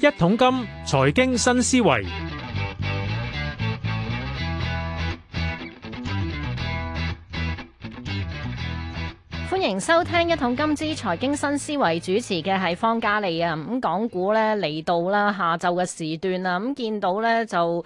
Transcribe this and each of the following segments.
一桶金財經新思維，歡迎收聽一桶金之財經新思維，主持嘅係方嘉利啊。咁港股咧嚟到啦下晝嘅時段啦，咁見到咧就。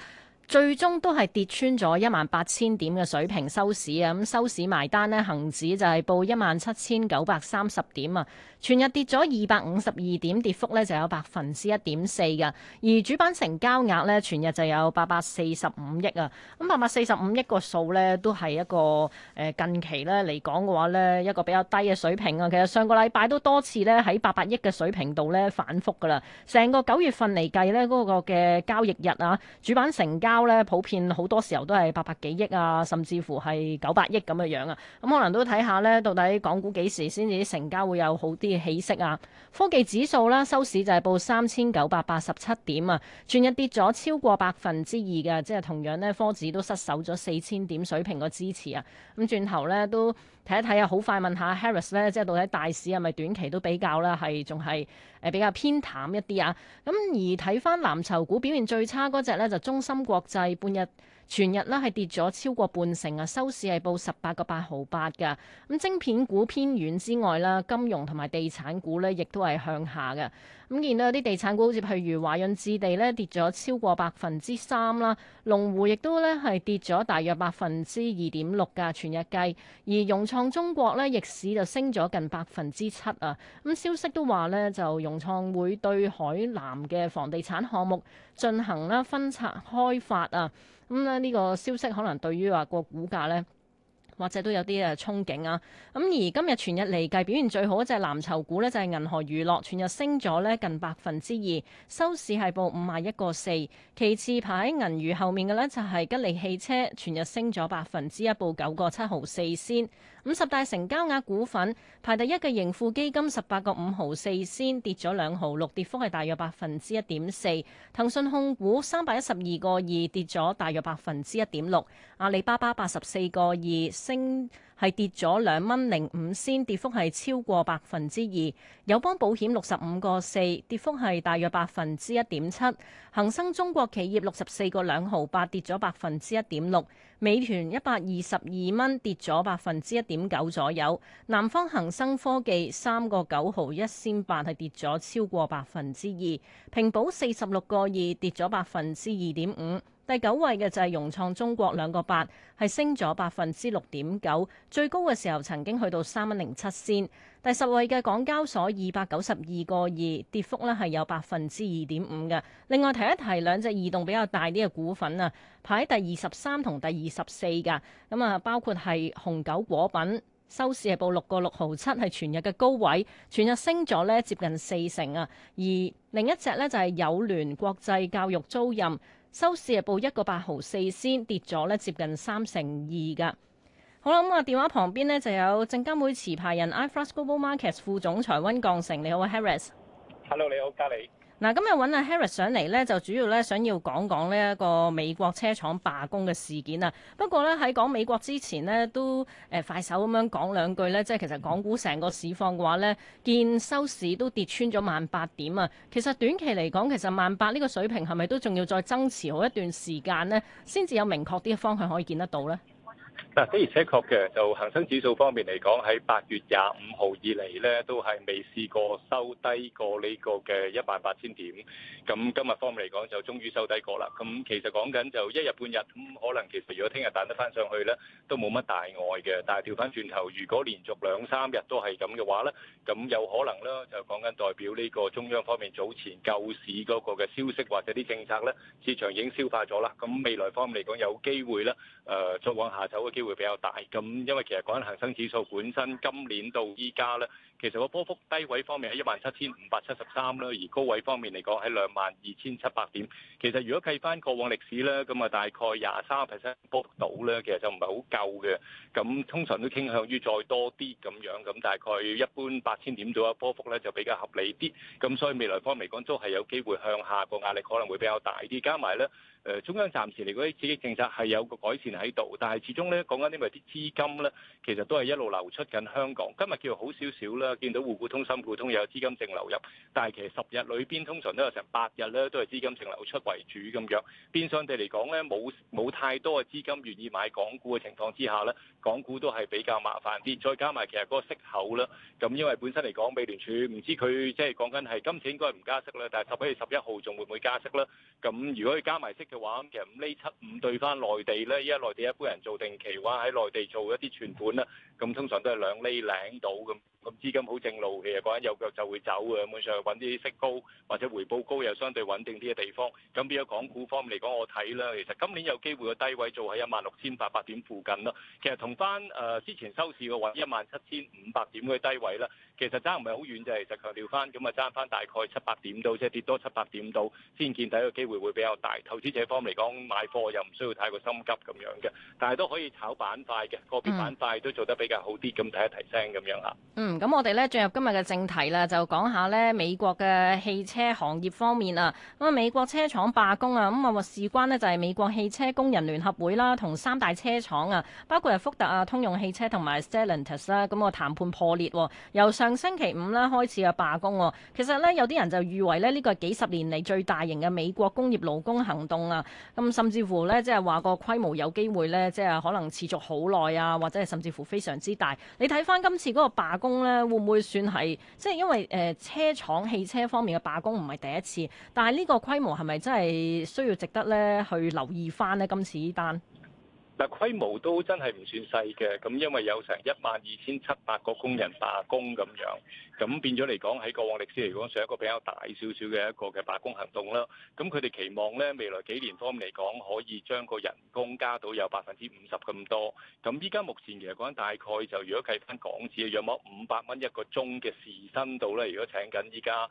最終都係跌穿咗一萬八千點嘅水平收市啊！咁收市埋單呢，恒指就係報一萬七千九百三十點啊，全日跌咗二百五十二點，跌幅呢就有百分之一點四㗎。而主板成交額呢，全日就有八百四十五億啊！咁八百四十五億個數呢，都係一個誒近期呢嚟講嘅話呢，一個比較低嘅水平啊。其實上個禮拜都多次呢，喺八百億嘅水平度呢，反覆噶啦。成個九月份嚟計呢，嗰個嘅交易日啊，主板成交。咧普遍好多時候都係八百幾億啊，甚至乎係九百億咁嘅樣啊，咁可能都睇下呢，到底港股幾時先至成交會有好啲起色啊？科技指數啦，收市就係報三千九百八十七點啊，全日跌咗超過百分之二嘅，即係同樣呢，科指都失守咗四千點水平嘅支持啊，咁轉頭呢都。睇一睇啊，好快問下 Harris 咧，即係到底大市係咪短期都比較啦？係仲係誒比較偏淡一啲啊？咁而睇翻藍籌股表現最差嗰隻咧，就中芯國際半日。全日咧係跌咗超過半成啊，收市係報十八個八毫八嘅。咁晶片股偏軟之外啦，金融同埋地產股咧亦都係向下嘅。咁見到有啲地產股，好似譬如華潤置地咧跌咗超過百分之三啦，龍湖亦都咧係跌咗大約百分之二點六嘅全日計。而融創中國咧逆市就升咗近百分之七啊。咁消息都話呢，就融創會對海南嘅房地產項目進行咧分拆開發啊。咁呢呢個消息可能對於話個股價呢，或者都有啲誒憧憬啊！咁而今日全日嚟計表現最好嘅就係藍籌股呢就係、是、銀河娛樂，全日升咗呢近百分之二，收市係報五萬一個四。其次排喺銀娛後面嘅呢，就係、是、吉利汽車，全日升咗百分之一，報九個七毫四先。五十大成交額股份排第一嘅盈富基金十八個五毫四先，跌咗兩毫六，跌幅係大約百分之一點四。騰訊控股三百一十二個二，跌咗大約百分之一點六，阿里巴巴八十四個二升。係跌咗兩蚊零五仙，跌幅係超過百分之二。友邦保險六十五個四，跌幅係大約百分之一點七。恒生中國企業六十四個兩毫八，跌咗百分之一點六。美團一百二十二蚊，跌咗百分之一點九左右。南方恒生科技三個九毫一仙八，係跌咗超過百分之二。平保四十六個二，跌咗百分之二點五。第九位嘅就係融創中國兩個八，係升咗百分之六點九，最高嘅時候曾經去到三蚊零七仙。第十位嘅港交所二百九十二個二，跌幅呢係有百分之二點五㗎。另外提一提兩隻異動比較大啲嘅股份啊，排喺第二十三同第二十四㗎，咁啊包括係鴻九果品，收市係報六個六毫七，係全日嘅高位，全日升咗呢接近四成啊。而另一隻呢，就係友聯國際教育租賃。收市日報一個八毫四仙，跌咗咧接近三成二㗎。好啦，咁、嗯、啊電話旁邊呢就有證監會持牌人 iFAST Global Markets 副總裁溫鋼城，你好，Harris。Hello，你好，加里。嗱，今日搵阿 Harris 上嚟咧，就主要咧想要講講呢一個美國車廠罷工嘅事件啊。不過咧喺講美國之前呢，都誒快手咁樣講兩句咧，即係其實港股成個市況嘅話咧，見收市都跌穿咗萬八點啊。其實短期嚟講，其實萬八呢個水平係咪都仲要再增持好一段時間呢？先至有明確啲嘅方向可以見得到咧？的而且確嘅，就恒生指數方面嚟講，喺八月廿五號以嚟呢，都係未試過收低過呢個嘅一萬八千點。咁今日方面嚟講，就終於收低過啦。咁其實講緊就一日半日，咁可能其實如果聽日彈得翻上去呢，都冇乜大礙嘅。但係調翻轉頭，如果連續兩三日都係咁嘅話呢，咁有可能呢，就講緊代表呢個中央方面早前救市嗰個嘅消息或者啲政策呢，市場已經消化咗啦。咁未來方面嚟講，有機會呢，誒、呃、再往下走嘅。會比較大咁，因為其實講緊恒生指數本身今年到依家呢，其實個波幅低位方面喺一萬七千五百七十三啦，而高位方面嚟講喺兩萬二千七百點。其實如果計返過往歷史呢，咁啊大概廿三個 percent 波幅到呢，其實就唔係好夠嘅。咁通常都傾向於再多啲咁樣，咁大概一般八千點左右波幅呢，就比較合理啲。咁所以未來方面講都係有機會向下個壓力可能會比較大啲，加埋呢。誒中央暫時嚟講啲刺激政策係有個改善喺度，但係始終咧講緊因為啲資金咧，其實都係一路流出緊香港。今日叫好少少啦，見到滬股通、深股通又有資金淨流入，但係其實十日裏邊通常都有成八日咧都係資金淨流出為主。咁樣變相地嚟講咧，冇冇太多嘅資金願意買港股嘅情況之下咧，港股都係比較麻煩啲。再加埋其實嗰個息口啦，咁因為本身嚟講，美聯儲唔知佢即係講緊係今次應該係唔加息啦，但係十一月十一號仲會唔會加息啦？咁如果佢加埋息，息，嘅話，其實五厘七五對翻內地咧，依家內地一般人做定期，或者喺內地做一啲存款啦，咁通常都係兩厘領到咁。咁資金好正路，其實嗰陣有腳就會走嘅，基本上揾啲息高或者回報高又相對穩定啲嘅地方。咁變咗港股方面嚟講，我睇啦，其實今年有機會嘅低位做喺一萬六千八百點附近啦。其實同翻誒之前收市嘅話一萬七千五百點嘅低位啦，其實爭唔係好遠就其實強調翻咁啊，爭翻大概七八點，、就是、點到，即係跌多七八點到先見睇嘅機會會比較大。投資者方面嚟講，買貨又唔需要太過心急咁樣嘅，但係都可以炒板塊嘅，個別板塊都做得比較好啲，咁睇一提升咁樣嚇。嗯嗯咁我哋呢進入今日嘅正題啦，就講下呢美國嘅汽車行業方面啊，咁啊美國車廠罷工啊，咁啊話事關呢就係、是、美國汽車工人聯合會啦，同三大車廠啊，包括係福特啊、通用汽車同埋 Stellantis 啦，咁啊談判破裂，啊，由上星期五啦開始啊罷工啊。其實呢，有啲人就譽為呢呢個係幾十年嚟最大型嘅美國工業勞工行動啊，咁、嗯、甚至乎呢，即係話個規模有機會呢，即、就、係、是、可能持續好耐啊，或者係甚至乎非常之大。你睇翻今次嗰個罷工，啊。咧會唔會算係即係因為誒、呃、車廠汽車方面嘅罷工唔係第一次，但係呢個規模係咪真係需要值得咧去留意翻呢？今次呢單，但規模都真係唔算細嘅，咁因為有成一萬二千七百個工人罷工咁樣。咁變咗嚟講，喺過往歷史嚟講，上一個比較大少少嘅一個嘅罷工行動啦。咁佢哋期望咧未來幾年方面嚟講，可以將個人工加到有百分之五十咁多。咁依家目前其實講緊大概就，如果計翻港紙約莫，冇五百蚊一個鐘嘅時薪度咧。如果請緊依家誒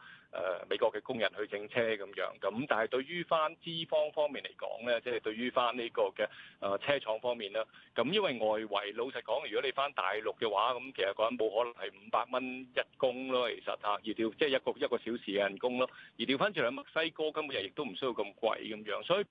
美國嘅工人去整車咁樣。咁但係對於翻資方方面嚟講咧，即係對於翻呢個嘅誒車廠方面啦。咁因為外圍老實講，如果你翻大陸嘅話，咁其實講緊冇可能係五百蚊一工。咯，其實嚇，而調即係一個一個小時嘅人工咯。而調翻轉嚟，墨西哥根本又亦都唔需要咁貴咁樣，所以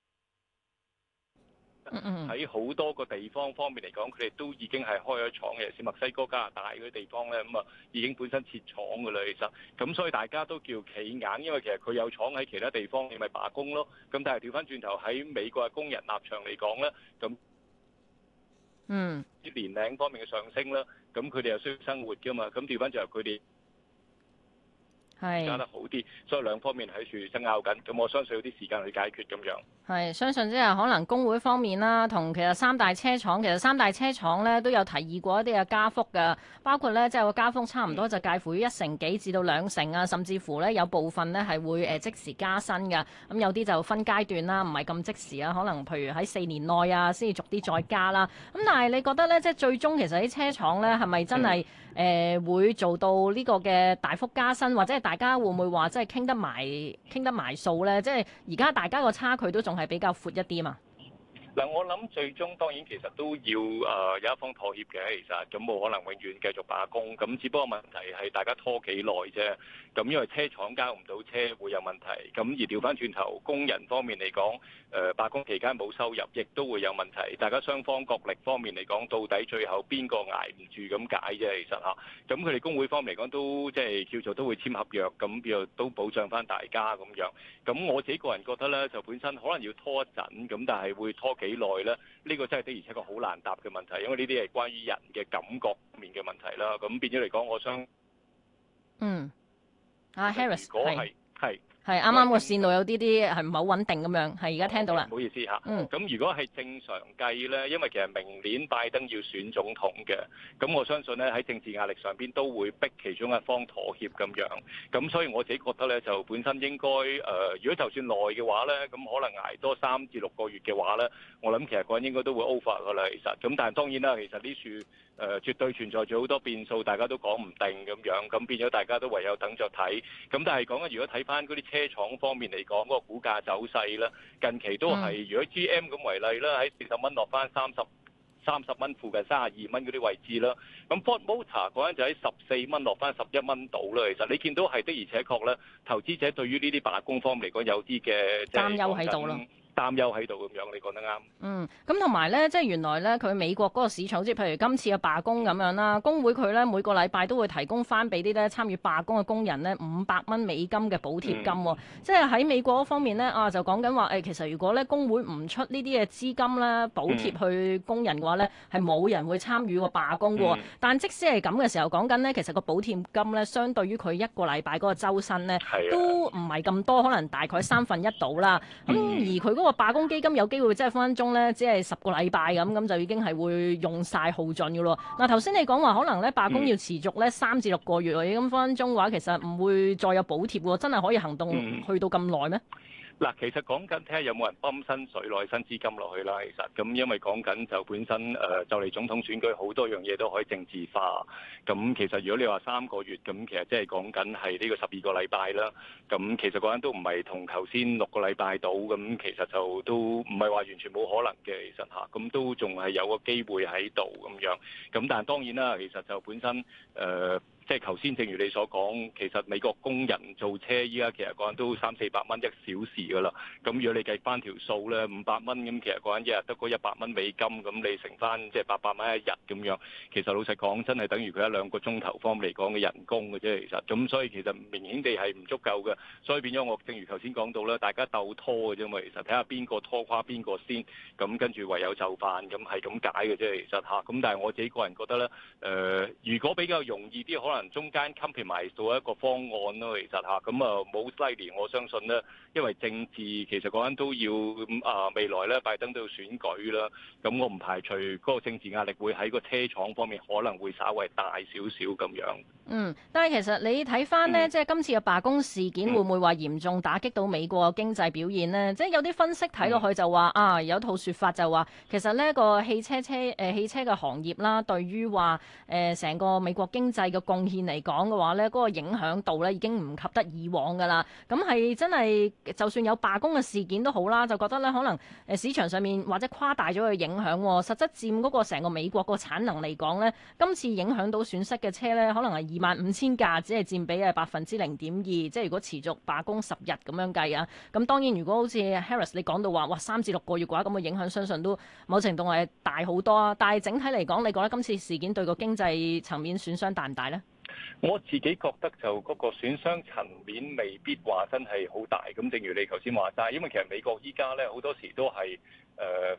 喺好多個地方方面嚟講，佢哋都已經係開咗廠嘅，例如墨西哥、加拿大嗰啲地方咧，咁啊已經本身設廠噶啦。其實咁，所以大家都叫企硬，因為其實佢有廠喺其他地方，你咪罷工咯。咁但係調翻轉頭喺美國嘅工人立場嚟講咧，咁嗯，啲年齡方面嘅上升啦，咁佢哋又需要生活噶嘛，咁調翻轉頭佢哋。係加得好啲，所以兩方面喺處爭拗緊。咁我相信有啲時間去解決咁樣。係相信即係可能工會方面啦，同其實三大車廠，其實三大車廠咧都有提議過一啲嘅加幅㗎，包括咧即係個加幅差唔多就介乎於一成幾至到兩成啊，甚至乎咧有部分咧係會誒即時加薪㗎。咁有啲就分階段啦，唔係咁即時啊，可能譬如喺四年內啊，先至逐啲再加啦。咁但係你覺得咧，即係最終其實啲車廠咧係咪真係誒、嗯呃、會做到呢個嘅大幅加薪，或者係大大家會唔會話即係傾得埋傾得埋數咧？即係而家大家個差距都仲係比較闊一啲嘛？但係我諗最終當然其實都要誒有一方妥協嘅，其實咁冇可能永遠繼續罷工，咁只不過問題係大家拖幾耐啫。咁因為車廠交唔到車會有問題，咁而調翻轉頭工人方面嚟講，誒罷工期間冇收入，亦都會有問題。大家雙方角力方面嚟講，到底最後邊個捱唔住咁解啫？其實嚇，咁佢哋工會方嚟講都即係叫做都會簽合約，咁就都保障翻大家咁樣。咁我自己個人覺得咧，就本身可能要拖一陣，咁但係會拖幾幾耐咧？呢個真係的而且確好難答嘅問題，因為呢啲係關於人嘅感覺面嘅問題啦。咁變咗嚟講，我想，嗯，啊，Harris，嗰係係啱啱個線路有啲啲係唔係好穩定咁樣，係而家聽到啦，唔好意思吓。嗯，咁如果係正常計咧，因為其實明年拜登要選總統嘅，咁我相信咧喺政治壓力上邊都會逼其中一方妥協咁樣。咁所以我自己覺得咧，就本身應該誒、呃，如果就算耐嘅話咧，咁可能捱多三至六個月嘅話咧，我諗其實個人應該都會 over 噶啦其實，咁但係當然啦，其實呢處。誒絕對存在住好多變數，大家都講唔定咁樣，咁變咗大家都唯有等著睇。咁但係講緊，如果睇翻嗰啲車廠方面嚟講，嗰、嗰個股價走勢啦，近期都係、嗯、如果 G M 咁為例啦，喺四十蚊落翻三十、三十蚊附近三十二蚊嗰啲位置啦。咁 Ford Motor 嗰陣就喺十四蚊落翻十一蚊度啦。其實你見到係的而且確咧，投資者對於呢啲罷工方面嚟講有啲嘅擔憂喺度啦。擔憂喺度咁樣，你講得啱。嗯，咁同埋咧，即係原來咧，佢美國嗰個市場，即係譬如今次嘅罷工咁樣啦，工會佢咧每個禮拜都會提供翻俾啲咧參與罷工嘅工人咧五百蚊美金嘅補貼金，哦。嗯、即係喺美國方面咧啊，就講緊話誒，其實如果咧工會唔出呢啲嘅資金啦，補貼去工人嘅話咧，係冇、嗯、人會參與個罷工嘅。嗯、但即使係咁嘅時候，講緊咧，其實個補貼金咧，相對於佢一個禮拜嗰個周薪咧，的都唔係咁多，可能大概三分一到啦。咁的而佢。都話罷工基金有機會即係分分鐘咧，只係十個禮拜咁咁就已經係會用晒耗盡噶咯。嗱，頭先你講話可能咧罷工要持續咧三至六個月喎，咁分分鐘嘅話其實唔會再有補貼喎，真係可以行動去到咁耐咩？嗱，其實講緊睇下有冇人泵薪水落去新資金落去啦。其實咁，因為講緊就本身誒、呃、就嚟總統選舉，好多樣嘢都可以政治化。咁其實如果你話三個月，咁其實即係講緊係呢個十二個禮拜啦。咁其實嗰陣都唔係同頭先六個禮拜到咁，其實就都唔係話完全冇可能嘅。其實吓，咁、啊、都仲係有個機會喺度咁樣。咁但係當然啦，其實就本身誒。呃即係頭先，正如你所講，其實美國工人做車依家其實講緊都三四百蚊一小時㗎啦。咁如果你計翻條數咧，五百蚊咁，其實講緊一日得嗰一百蚊美金。咁你乘翻即係八百蚊一日咁樣，其實老實講，真係等於佢一兩個鐘頭方嚟講嘅人工嘅啫。其實咁所以其實，其實明顯地係唔足夠嘅，所以變咗我正如頭先講到咧，大家鬥拖嘅啫嘛。其實睇下邊個拖垮邊個先，咁跟住唯有就範，咁係咁解嘅啫。其實吓，咁但係我自己個人覺得咧，誒、呃，如果比較容易啲，可能。中間 c o m p r o m 到一個方案咯，其實吓，咁啊，冇西尼，我相信呢，因為政治其實嗰陣都要啊，未來咧拜登都要選舉啦，咁我唔排除嗰個政治壓力會喺個車廠方面可能會稍微大少少咁樣。嗯，但係其實你睇翻呢，即係今次嘅罷工事件，會唔會話嚴重打擊到美國經濟表現呢？即係有啲分析睇落去就話啊，有套説法就話，其實呢一個汽車車誒汽車嘅行業啦，對於話誒成個美國經濟嘅貢現嚟講嘅話呢，嗰個影響度呢已經唔及得以往噶啦。咁係真係，就算有罷工嘅事件都好啦，就覺得呢可能誒市場上面或者誇大咗佢影響，哦，實質佔嗰個成個美國個產能嚟講呢，今次影響到損失嘅車呢，可能係二萬五千架，只係佔比係百分之零點二。即係如果持續罷工十日咁樣計啊，咁當然如果好似 Harris 你講到說話，哇三至六個月嘅話，咁嘅影響相信都某程度係大好多啊。但係整體嚟講，你覺得今次事件對個經濟層面損傷大唔大呢？我自己覺得就嗰個損傷層面未必話真係好大，咁正如你頭先話齋，因為其實美國依家咧好多時都係。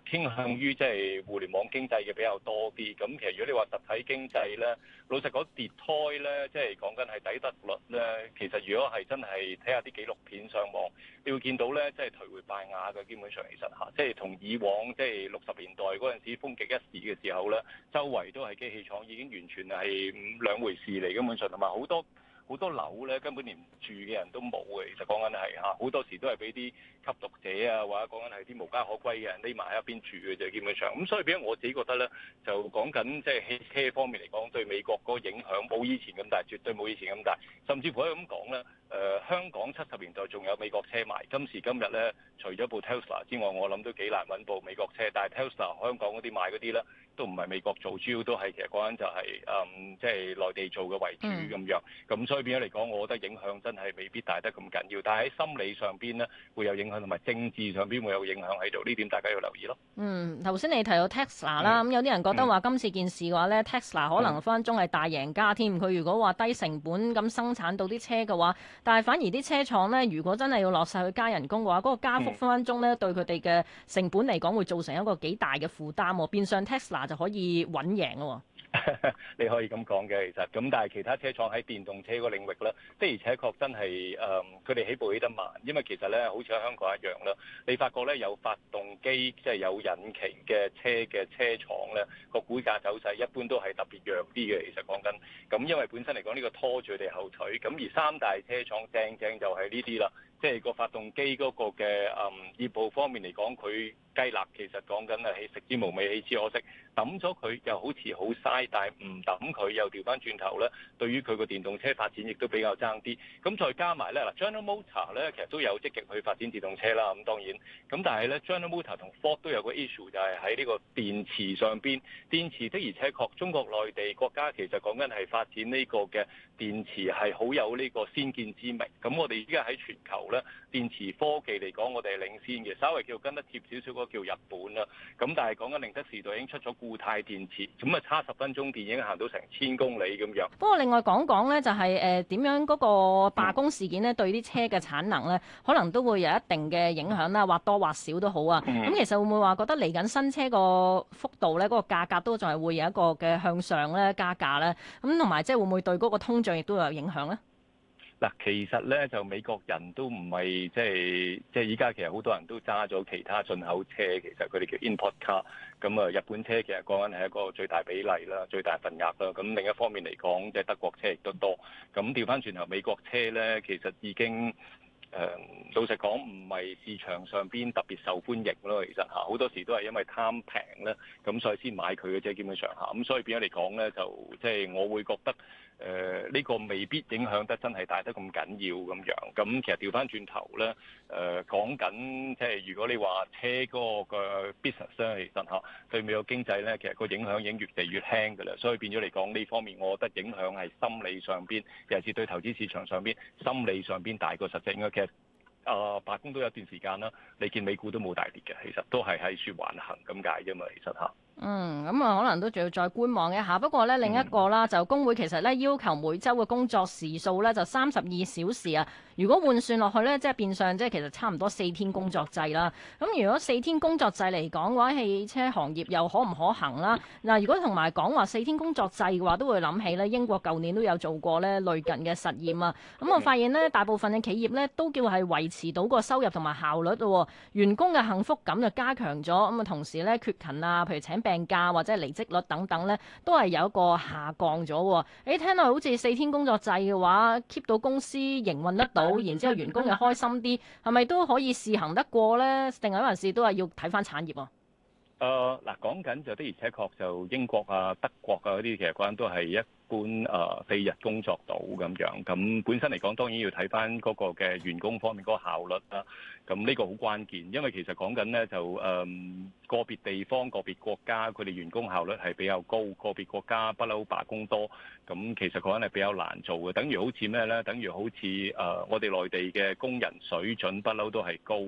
誒傾向於即係互聯網經濟嘅比較多啲，咁其實如果你話實體經濟咧，老實講跌呔咧，即係講緊係抵得率咧，其實如果係真係睇下啲紀錄片上網，你會見到咧，即係頹垣敗瓦嘅，基本上其實嚇，即係同以往即係六十年代嗰陣時風極一時嘅時候咧，周圍都係機器廠，已經完全係兩回事嚟，基本上同埋好多。好多樓咧根本連住嘅人都冇嘅，其實講緊係嚇好多時都係俾啲吸毒者啊，或者講緊係啲無家可歸嘅人匿埋喺入邊住嘅啫，基本上咁所以俾我自己覺得咧，就講緊即係汽車方面嚟講，對美國個影響冇以前咁大，絕對冇以前咁大，甚至乎可以咁講啦。誒，香港七十年代仲有美國車賣，今時今日咧，除咗部 Tesla 之外，我諗都幾難揾部美國車。但係 Tesla 香港嗰啲買嗰啲咧，都唔係美國做，主要都係其實嗰陣就係誒，即係內地做嘅為主咁樣。咁所以變咗嚟講，我覺得影響真係未必大得咁緊要。但係喺心理上邊咧，會有影響，同埋政治上邊會有影響喺度。呢點大家要留意咯。嗯，頭先你提到 Tesla 啦，咁有啲人覺得話今次件事嘅話咧，Tesla 可能分分鐘係大贏家添。佢如果話低成本咁生產到啲車嘅話，但係反而啲車廠咧，如果真係要落實去加人工嘅話，嗰個加幅分分鐘咧，對佢哋嘅成本嚟講會造成一個幾大嘅負擔喎。變相 Tesla 就可以穩贏咯。 你可以咁講嘅，其實咁，但係其他車廠喺電動車個領域呢，的而且確真係誒，佢哋起步起得慢，因為其實呢，好似喺香港一樣啦。你發覺呢，有發動機即係有引擎嘅車嘅車廠呢，個股價走勢一般都係特別弱啲嘅。其實講緊咁，因為本身嚟講呢個拖住佢哋後腿，咁而三大車廠正正就係呢啲啦。即係個發動機嗰個嘅誒業務方面嚟講，佢雞肋。其實講緊係食之無味，棄之可惜。抌咗佢又好似好嘥，但係唔抌佢又調翻轉頭咧。對於佢個電動車發展亦都比較爭啲。咁再加埋咧，嗱，General Motors 咧其實都有積極去發展電動車啦。咁當然，咁但係咧，General Motors 同 Ford 都有個 issue 就係喺呢個電池上邊。電池的而且確，中國內地國家其實講緊係發展呢個嘅電池係好有呢個先見之明。咁我哋而家喺全球。咧，電池科技嚟講，我哋係領先嘅，稍微叫跟得貼少少嗰個叫日本啦。咁但係講緊寧德時代已經出咗固態電池，咁啊差十分鐘電已經行到成千公里咁樣。不過另外講講呢，就係誒點樣嗰個罷工事件呢？對啲車嘅產能呢，可能都會有一定嘅影響啦，或多或少都好啊。咁其實會唔會話覺得嚟緊新車個幅度呢，嗰個價格都仲係會有一個嘅向上咧加價咧？咁同埋即係會唔會對嗰個通脹亦都有影響呢？嗱，其實咧就美國人都唔係即係即係依家其實好多人都揸咗其他進口車，其實佢哋叫 import car。咁啊，日本車其實講緊係一個最大比例啦，最大份額啦。咁另一方面嚟講，即係德國車亦都多。咁調翻轉頭美國車咧，其實已經誒、呃，老實講唔係市場上邊特別受歡迎咯。其實嚇好多時都係因為貪平咧，咁所以先買佢嘅啫，基本上，嚇。咁所以變咗嚟講咧，就即係，就是，我會覺得。誒呢、呃這個未必影響得真係大得咁緊要咁樣，咁其實調翻轉頭咧，誒講緊即係如果你話車嗰個嘅 business 咧、啊，其實嚇對美國經濟咧，其實個影響已經越嚟越輕嘅啦，所以變咗嚟講呢方面，我覺得影響係心理上邊，尤其是對投資市場上邊，心理上邊大過實際。應該其實啊、呃，白宮都有段時間啦，你見美股都冇大跌嘅，其實都係喺處橫行咁解啫嘛，其實嚇。啊嗯，咁、嗯、啊、嗯，可能都仲要再觀望一下。不過呢，另一個啦，就工會其實呢要求每週嘅工作時數呢就三十二小時啊。如果換算落去呢，即係變相即係其實差唔多四天工作制啦。咁、嗯、如果四天工作制嚟講嘅話，汽車行業又可唔可行啦？嗱，如果同埋講話四天工作制嘅話，都會諗起呢英國舊年都有做過呢類近嘅實驗啊。咁、嗯、我發現呢，大部分嘅企業呢都叫係維持到個收入同埋效率咯、啊，員工嘅幸福感就加強咗。咁、嗯、啊，同時呢，缺勤啊，譬如請病假或者係離職率等等呢，都係有一個下降咗。誒，聽落好似四天工作制嘅話，keep 到公司營運得到，然之後員工又開心啲，係咪都可以試行得過呢？另外一回事都係要睇翻產業。誒、呃，嗱，講緊就的而且確就英國啊、德國啊嗰啲，其實講緊都係一。般，誒，四日工作到咁樣，咁本身嚟講當然要睇翻嗰個嘅員工方面嗰個效率啦。咁呢個好關鍵，因為其實講緊呢就誒、嗯、個別地方、個別國家佢哋員工效率係比較高，個別國家不嬲罷工多，咁其實嗰陣係比較難做嘅。等於好似咩呢？等於好似誒、呃、我哋內地嘅工人水準不嬲都係高，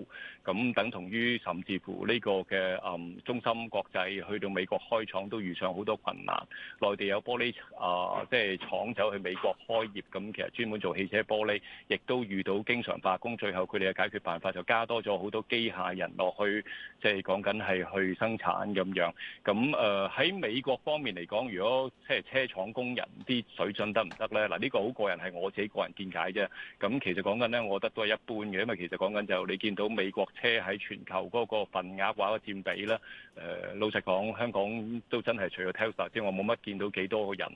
咁等同於甚至乎呢個嘅誒、嗯、中心國際去到美國開廠都遇上好多困難。內地有玻璃啊～、呃即係廠走去美國開業，咁其實專門做汽車玻璃，亦都遇到經常罷工，最後佢哋嘅解決辦法就加多咗好多機械人落去，即係講緊係去生產咁樣。咁誒喺美國方面嚟講，如果即係車廠工人啲水準得唔得呢？嗱，呢個好個人係我自己個人見解啫。咁其實講緊呢，我覺得都係一般嘅，因為其實講緊就你見到美國車喺全球嗰個份額或者佔比咧，誒、呃，老實講，香港都真係除咗 Tesla 之外，冇乜見到幾多個人，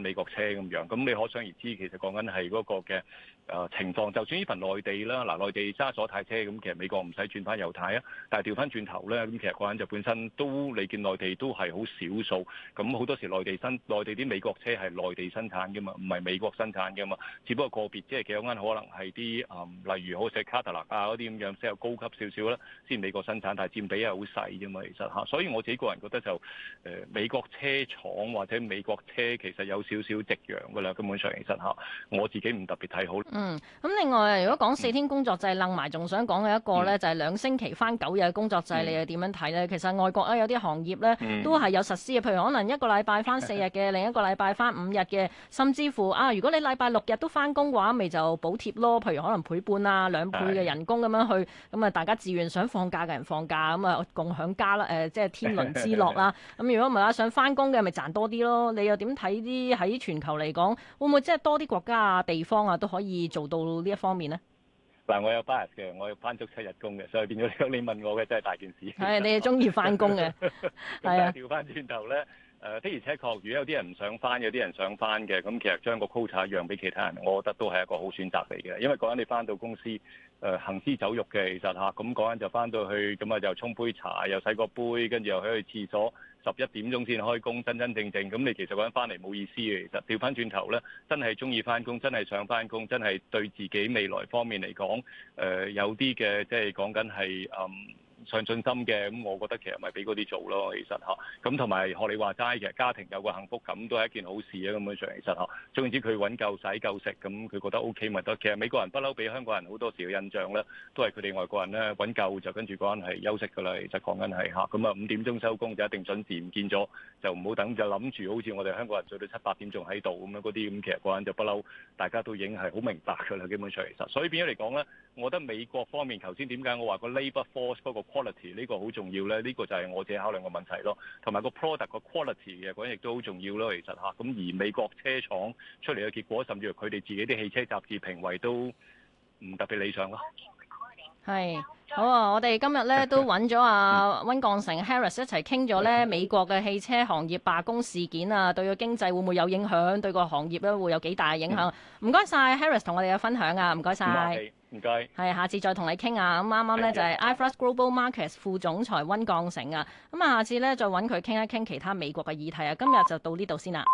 美國車咁樣，咁你可想而知，其實講緊係嗰個嘅。誒、呃、情況，就算呢份內地啦，嗱、呃、內地揸咗太車咁，其實美國唔使轉翻油太啊，但係調翻轉頭咧，咁其實個人就本身都你見內地都係好少數，咁好多時內地生內地啲美國車係內地生產嘅嘛，唔係美國生產嘅嘛，只不過個別即係幾間可能係啲誒例如好似卡特勒啊嗰啲咁樣，即係高級少少啦，先美國生產，但係佔比係好細啫嘛，其實嚇，所以我自己個人覺得就誒、呃、美國車廠或者美國車其實有少少夕陽㗎啦，根本上其實嚇，我自己唔特別睇好。嗯，咁另外如果講四天工作制，楞埋仲想講嘅一個咧，嗯、就係兩星期翻九日嘅工作制，就是、你又點樣睇咧？其實外國咧有啲行業咧都係有實施嘅，譬如可能一個禮拜翻四日嘅，另一個禮拜翻五日嘅，甚至乎啊，如果你禮拜六日都翻工嘅話，咪就補貼咯。譬如可能倍半啊、兩倍嘅人工咁樣去，咁啊是的 大家自願想放假嘅人放假，咁啊共享家、呃、啦，誒、 啊，即係天倫之樂啦。咁如果唔係啊，想翻工嘅咪賺多啲咯。你又點睇啲喺全球嚟講會唔會即係多啲國家啊、地方啊都可以？而做到呢一方面咧，嗱，我有 bias 嘅，我要翻足七日工嘅，所以變咗你問我嘅真係大件事。係的，實你係中意翻工嘅，係啊。 調翻轉頭咧，誒、呃、的而且確，如果有啲人唔想翻，有啲人想翻嘅，咁其實將個 quota 讓俾其他人，我覺得都係一個好選擇嚟嘅，因為講緊你翻到公司誒、呃、行屍走肉嘅，其實吓，咁講緊就翻到去，咁啊就沖杯茶，又洗個杯，跟住又去去廁所。十一點鐘先開工，真真正正咁，你其實嗰陣翻嚟冇意思嘅。其實調翻轉頭咧，真係中意翻工，真係想翻工，真係對自己未來方面嚟講，誒，有啲嘅，即係講緊，係嗯。上進心嘅咁，我覺得其實咪俾嗰啲做咯，其實嚇咁同埋學你話齋，其實家庭有個幸福感都係一件好事啊。咁樣上其實嚇，總言之佢揾夠使夠食，咁佢覺得 OK 咪得。其實美國人不嬲俾香港人好多時嘅印象咧，都係佢哋外國人咧揾夠就跟住嗰陣係休息㗎啦，其實講緊係嚇。咁啊五點鐘收工就一定準時，唔見咗就唔好等，就諗住好似我哋香港人做到七八點仲喺度咁樣嗰啲咁。其實嗰陣就不嬲，大家都已經係好明白㗎啦。基本上其實，所以變咗嚟講咧，我覺得美國方面頭先點解我話個 labour force 嗰 quality 呢個好重要咧，呢個就係我自己考慮嘅問題咯，同埋個 product 個 quality 嘅講樣亦都好重要咯，其實吓咁而美國車廠出嚟嘅結果，甚至乎佢哋自己啲汽車雜誌評為都唔特別理想咯。係好啊！我哋今日咧都揾咗阿溫鋼城 Harris 一齊傾咗咧美國嘅汽車行業罷工事件啊，對個經濟會唔會有影響？對個行業咧會有幾大嘅影響？唔該晒 Harris 同我哋嘅分享啊！唔該晒，唔該，係下次再同你傾啊！咁啱啱咧就係 IFRS Global Markets 副總裁溫鋼城啊！咁啊，下次咧再揾佢傾一傾其他美國嘅議題啊！今日就到呢度先啦。